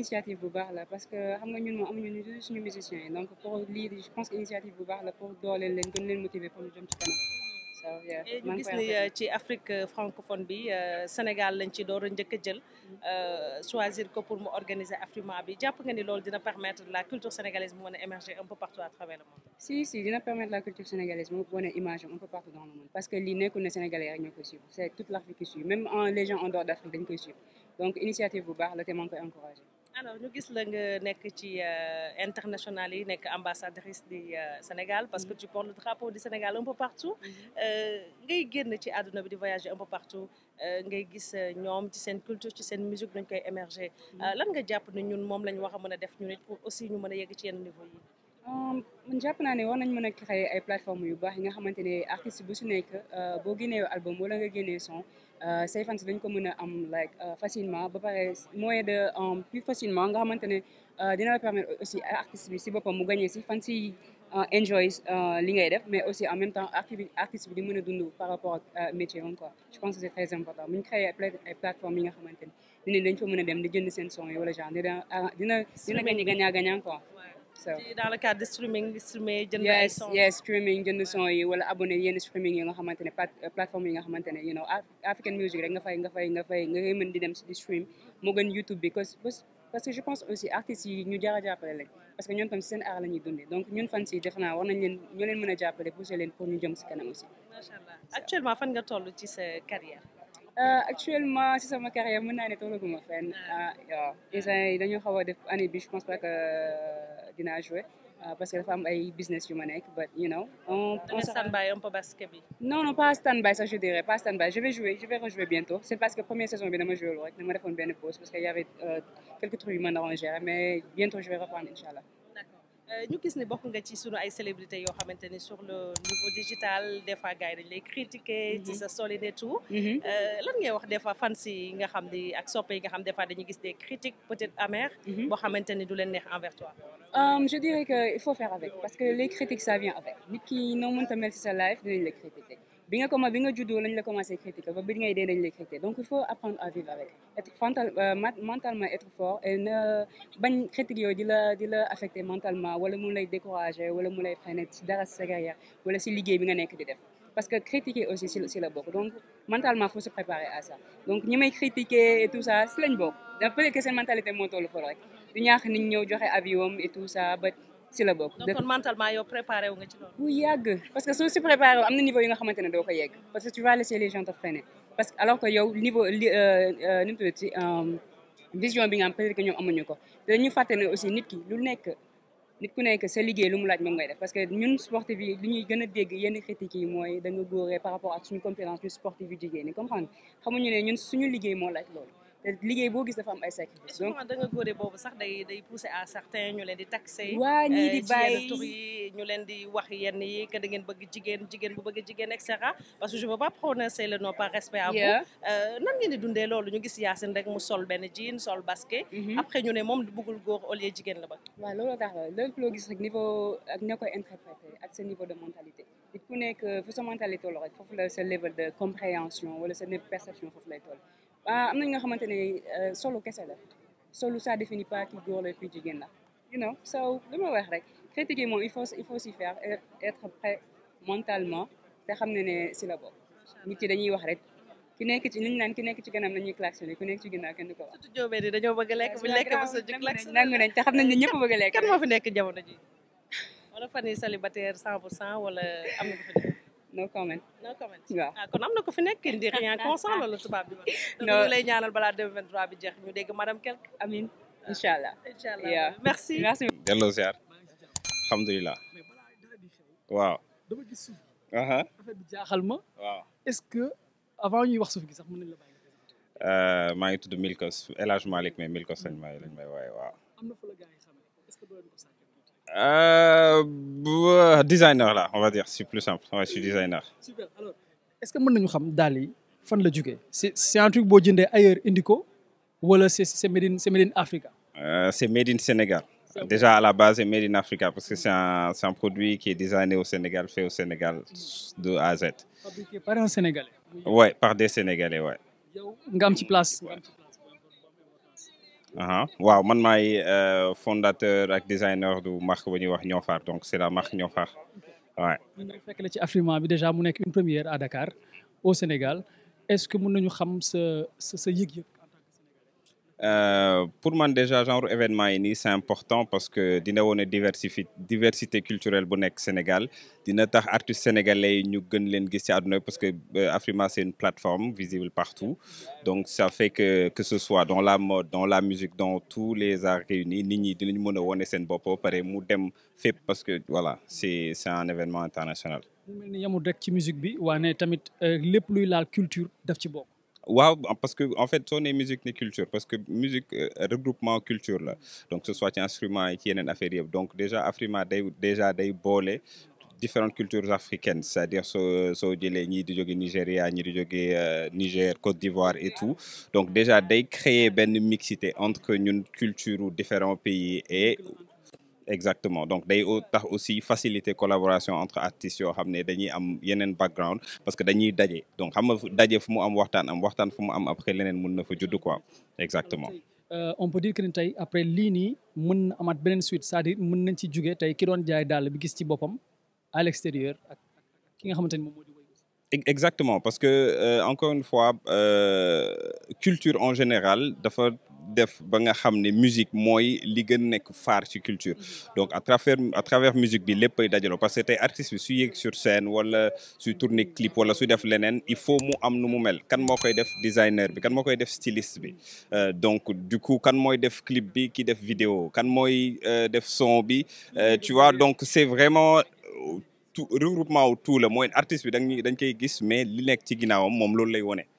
initiative bu baax parce que xam nga ñun moom amuñu ñu donc pour lii je pense que initiative bu baax la pour dooleel leen leen motiver pour ñu jëm ci kanam. Euh, ci Afrique euh, francophone bi euh, Sénégal lañ ci door a njëkk a jël mm-hmm. choisir ko pour mu organiser Afrima bi jàpp nga ni loolu dina permettre la culture sénégalaise mu mën a émerger un peu image am un partout dans le monde parce que lii nekkul ne Sénégalais rek ñoo koy c'est toute l'Afrique qui suit même les gens en dehors d'Afrique dañ koy alors ñu gis la nga nekk ci euh, international yi nekk ambassadrice di euh, Sénégal parce que mm. tu portes le drapeau du Sénégal un peu partout mm-hmm. euh, ngay génn ci àdduna bi di voyager un peu partout ngay gis ñoom ci seen culture ci seen musique dañ koy émerger mm-hmm. lan nga jàpp ne ñun moom lañ war a mën a def ñu nit pour aussi ñu mën a yegg ci yenn niveau yi um, man jàpp naa ne war nañ mën a ay plateforme yu baax yi nga xamante ne artiste bu su nekk boo génnee album wala nga génnee son Euh, say fans dañ ko mën a am like euh, facilement ba pare mooy de euh, plus facilement nga xamante ne dina la permettre aussi artiste bi si boppam mu gagné si fans yi enjoy li ngay def mais aussi en même temps artiste bi di mën a dund par rapport ak métier am quoi je pense que c'est très important bu ñu créé ay plateforme yi xamante ne dem di jënd seen son yi wala genre dina dina dina gagné gagnant so streaming jënd ay son yes streaming yi yenn streaming yi nga xamante ne yi nga xamante ne African music rek nga fay nga fay nga fay nga mën di dem si di stream parce que je pense aussi artistes yi ñu jaar a jàppale lañ parce que ñoom tam seen aar la ñuy donc ñun fan si def naa war nañ leen ñoo leen mën a jàppale pousser leen pour ñu jëm si kanam actuellement fan nga toll ci sa carrière. Euh, actuellement si sama carrière mën naa ne dinaa jouer euh, parce que ay business yu ma nekk but you know. on on stand by un non non pas stand by ça je dirais pas stand by je vais jouer je vais rejouer bientôt c'est parce que première saison bi dama jouer lool rek dama defoon benn y avait euh, quelques trucs yu ma naroon gérer mais bientôt je Euh, ñu gis ne bokk nga ci sunu ay célébrité yoo xamante ni sur le niveau digital des fois gars yi dañ mhm. ci sa solide et tout mhm. euh, lan ngay wax des fois fans yi nga xam ni ak soppe yi nga xam des fois dañuy gis des critiques peut-être amères mhm. boo xamante ni du leen neex envers toi euh, je dirais que il faire avec parce que les critiques ça vient avec nit ki noo mënta life dinañ la critiquer bi nga commencé bi nga juddoo lañ la commencé critiquer ba bi ngay dee dañ lay critiquer donc il faut apprendre à vivre avec euh, mentalement être fort et ne bañ critique yooyu di la affecter mentalement wala mu lay décourager wala mu lay freiner ci dara sa wala si liggéey bi nga nekk di def parce que critiquer aussi si si la bokk donc mentalement faut se préparer à ça donc ñi may critiquer et tout ça si lañ bokk peut-être que seen mentalité moo tollu foofu si la bokk. donc kon mentalement yow préparé nga ci loolu. bu yàgg parce que soo si préparé am na niveau yi nga xamante ne doo ko yegg parce que tu vas laisser les gens te freiner parce que euh, euh, euh, bi am peut-être amuñu ko te ñu fàtte ne aussi nit ki lu nekk nit ku nekk sa liggéey lu mu laaj moom ngay def parce que ñun sportif yi li ñuy gën a dégg yenn critiques yi mooy da nga góoree par rapport ak suñu compétence ñu sportif yu jigéen ñi comprendre xamuñu ne ñun suñu liggéey moo laaj loolu. te liggéey boo gis dafa am ay sacrifice donc da nga góode boobu sax day day pousser à certains ñu leen di taxer waa ñii euh, di bàyyi ñu leen di wax yenn yi que da ngeen bëgg jigéen jigéen bu bëgg jigéen et cetera parce que je veux pas prononcer le nom par respect à vous euh, nan dundee loolu ñu gis Yacine rek mu sol benn jean sol basket mm-hmm. après ñu ne moom bëggul góor au lieu jigéen la bëgg waaw loolu tax lépp loo gis rek niveau ak ña koy interprété ak sa niveau de mentalité nekk fu sa mentalité toll rek foofu la sa wala sa perception foofu lay toll ah am na ñi nga xamante ne euh, solo kese la solo ça définit pas ki góor la ki jigéen la you know so li rek critiquer moom il faut il faut s'y faire euh, être prêt mentalement te xam ne ne si la bokk nit ki dañuy wax rek ki nekk ci liñ naan ki nekk ci kanam nañuy klaxonné ku nekk ci ginnaaw kenn ko wax surtout jóobee di dañoo bëgg a lekk bu lekk ba sa jug klaxonné nangu nañ te xam ne ñëpp bëgg a lekk kan moo fi nekk jamono ji wala fan yi célibataire cent pour cent wala am na no comment. no comment ah, kon am na ko fi nekk di rien consent loolu tubaab bi ñu lay ñaanal balaa 2023 bi jeex ñu dégg madame quelque amin incha allah merci merci. delloo ziar waaw. dama bi jaaxal ma. waaw est-ce que avant ñuy wax suuf gi sax mën nañ la bàyyi. Euh, maa ngi tudd Milkos El Hadj Malick mais Milkos lañ may lañ may waaye waaw. am na fa la euh, designer là on va dire c'est plus simple ouais, je suis est-ce que mën nañu xam daal yi fan la jugee c'est c'est un truc boo jëndee ailleurs indi wala c'est c'est made in c'est made in Africa. Euh, c'est made Sénégal. Déjà à la base, c'est made in Africa parce que c'est un, c'est un produit qui est designé au Sénégal, fait au Sénégal de A à par des Sénégalais, ouais. yow nga place. waaw man maay euh, fondateur ak designer du marque bu ñuy wax Niofar donc c'est la marque Niofar waaw. ñu fekk la ci Afrima bi déjà mu nekk une première à Dakar au Sénégal est-ce que mën nañu xam sa sa sa yëg Euh, pour man déjà genre événement yi nii c'est important parce que dina wone diversifi diversité culturelle bu nekk Sénégal dina tax artistes sénégalais yi ñu gën leen gis ci àdduna parce que euh, Afrima c'est une plateforme visible partout donc ça fait que que ce soit dans la mode dans la musique dans tous les arts réunis nit ñi dinañu mën a wone seen bopp pare mu dem fépp parce que voilà c'est c'est un événement international. mu mel ni yamul rek ci musique bi wane tamit euh, lépp luy laal culture daf ci bokk. waaw ah, parce que en fait soo nee musique ni culture parce que musique euh, regroupement culture la donc ce soit ci instrument yi ci yeneen affaire yëpp donc déjà Afrima day déjà day boole différentes cultures africaines c'est-à-dire so soo jëlee ñii di joge Nigéria ñii di jóge euh, Niger Côte d'Ivoire et tout donc déjà day créer benn mixité entre ñun culture différents pays et exactement donc day tax aussi faciliter collaboration entre artistes yoo xam ne dañuy am yeneen background parce que dañuy daje donc xam nga daje fu mu am waxtaan am waxtaan fu mu am après leneen mun na fa judd quoi exactement. Euh, on peut dire que ni après lii nii mën na amaat beneen suite cest à mën nañ ci jugee tey ki jaay dàll bi gis ci boppam à l'extérieur ak ki nga xamante ni moom moo di exactement parce que euh, encore une fois euh, culture en général dafa. def ba nga xam ne musique mooy li gën nekk phare ci culture mhm. donc a travers à travers musique bi lépp ay dajaloo parce que tey artiste bi su yéeg sur scène wala suy tourner clip wala su def leneen il faut mu am nu mu mel kan moo koy def designer bi kan moo koy def styliste bi mhm. euh, donc du coup kan mooy def clip bi ki def vidéo kan mooy euh, def son bi euh, tu vois donc c'est vraiment tout regroupement wu tout la mooy artiste bi dañ dañ koy gis mais li nekk ci ginnaawam moom loolu lay wone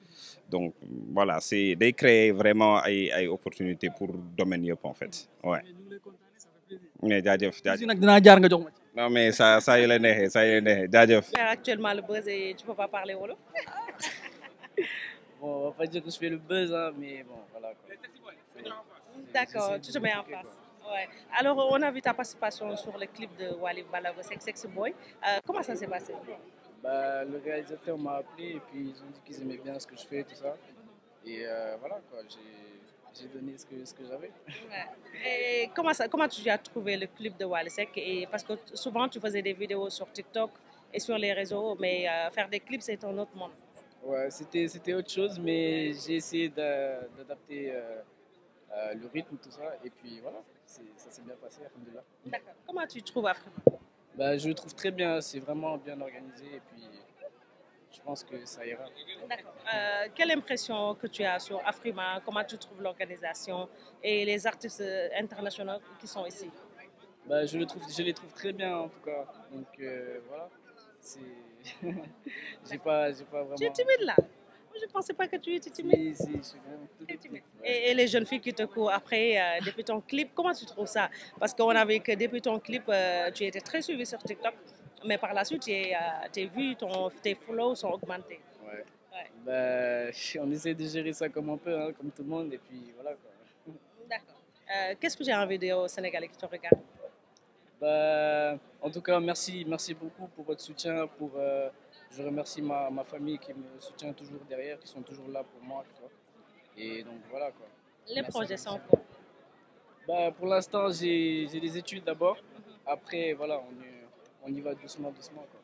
donc voilà c'est day vraiment ay ay opportunités pour domaine yo en fait ouais mais jaajëf jaajëf nag dinaa jaar nga jox ma ci non mais saa saa yu la neexee actuellement le buzz et tu peux parler wolof bon on va alors on a vu ta participation sur le clip de Wally Ballago Seck Boy euh, comment ça s'est passé Bah, le réalisateur m'a appelé et puis ils ont dit qu'ils aimaient bien ce que je fais et tout ça. Et euh, voilà, quoi, j'ai donné ce que, ce que j'avais. Ouais. Et comment, ça, comment tu as trouvé le clip de Walisek et Parce que souvent, tu faisais des vidéos sur TikTok et sur les réseaux, mais euh, faire des clips, c'est un autre monde. Ouais, c'était autre chose, mais j'ai essayé d'adapter euh, euh, le rythme, tout ça. Et puis voilà, ça s'est bien passé, Alhamdulillah. D'accord. Comment tu trouves Afrique Bah, je le trouve très bien, c'est vraiment bien organisé et puis je pense que ça ira. D'accord. Euh, quelle impression que tu as sur Afrima Comment tu trouves l'organisation et les artistes euh, internationaux qui sont ici bah, je, le trouve, je les trouve très bien en tout cas. Donc euh, voilà, c'est. j'ai pas, pas vraiment. Tu es timide là je ne pensais pas que tu étais Et, les jeunes filles qui te courent après, euh, depuis ton clip, comment ton clip, euh, tu étais très suivi TikTok, mais par la suite, euh, tes euh, vues, tes follows sont augmentés. on essaie de gérer comme on peut, comme tout le monde, et puis voilà. Qu'est-ce que j'ai envie de dire qui te regardent En tout cas, merci beaucoup pour votre soutien, pour je remercie ma, ma famille qui me soutient toujours derrière, qui sont toujours là pour moi. Quoi. Et donc voilà quoi. Les Merci projets sont quoi bah, Pour l'instant, j'ai des études d'abord. Après, voilà, on, y va doucement, doucement. Quoi.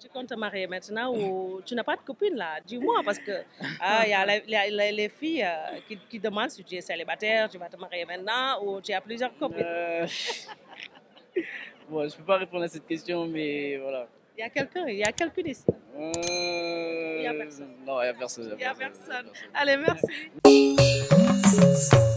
Tu comptes te marier maintenant ou tu n'as pas de copine là Dis-moi parce que ah, y, a les filles euh, qui, demandent si tu es célibataire, tu vas te marier maintenant ou tu as plusieurs copines. Euh, je ne peux pas répondre à cette question, mais voilà. Il y a quelqu'un, il y a quelqu'un ici. Euh... Il n'y a personne. Non, il n'y a personne. Il n'y a, a, personne. Allez, merci.